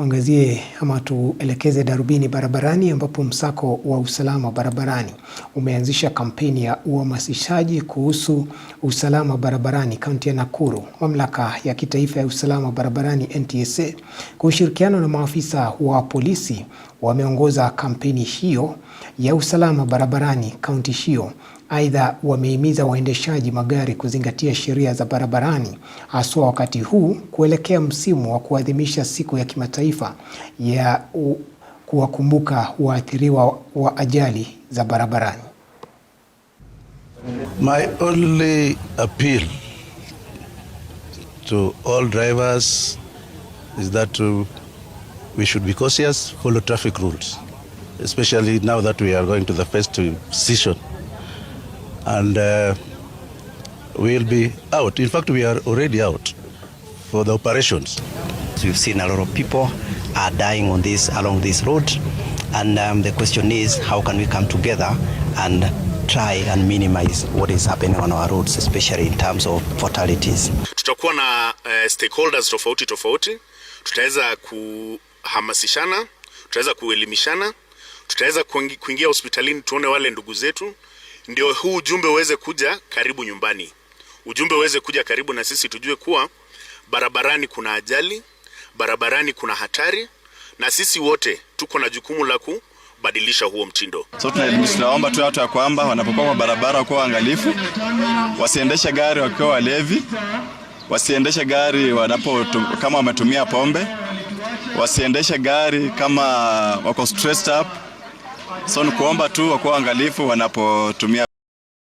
Tuangazie ama tuelekeze darubini barabarani ambapo msako wa usalama barabarani umeanzisha kampeni ya uhamasishaji kuhusu usalama barabarani kaunti ya Nakuru. Mamlaka ya kitaifa ya usalama barabarani NTSA kwa ushirikiano na maafisa wa polisi wameongoza kampeni hiyo ya usalama barabarani kaunti hiyo Aidha, wamehimiza waendeshaji magari kuzingatia sheria za barabarani haswa wakati huu kuelekea msimu wa kuadhimisha siku ya kimataifa ya kuwakumbuka waathiriwa wa ajali za barabarani. My only appeal to all drivers is that we should be cautious, follow traffic rules, especially now that we are going to the festive season and uh, we'll be out. In fact, we are already out for the operations. We've seen a lot of people are dying on this along this road and um, the question is how can we come together and try and minimize what is happening on our roads especially in terms of fatalities. Tutakuwa na uh, stakeholders tofauti tofauti, tutaweza kuhamasishana, tutaweza kuelimishana, tutaweza kuingia hospitalini tuone wale ndugu zetu ndio huu ujumbe uweze kuja karibu nyumbani, ujumbe uweze kuja karibu na sisi, tujue kuwa barabarani kuna ajali, barabarani kuna hatari, na sisi wote tuko na jukumu la kubadilisha huo mtindo. So tunaomba tu watu ya kwamba wanapokuwa kwa barabara wakuwa waangalifu, wasiendeshe gari wakiwa walevi, wasiendeshe gari wanapo kama wametumia pombe, wasiendeshe gari kama wako stressed up so ni kuomba tu wakuwa angalifu wanapotumia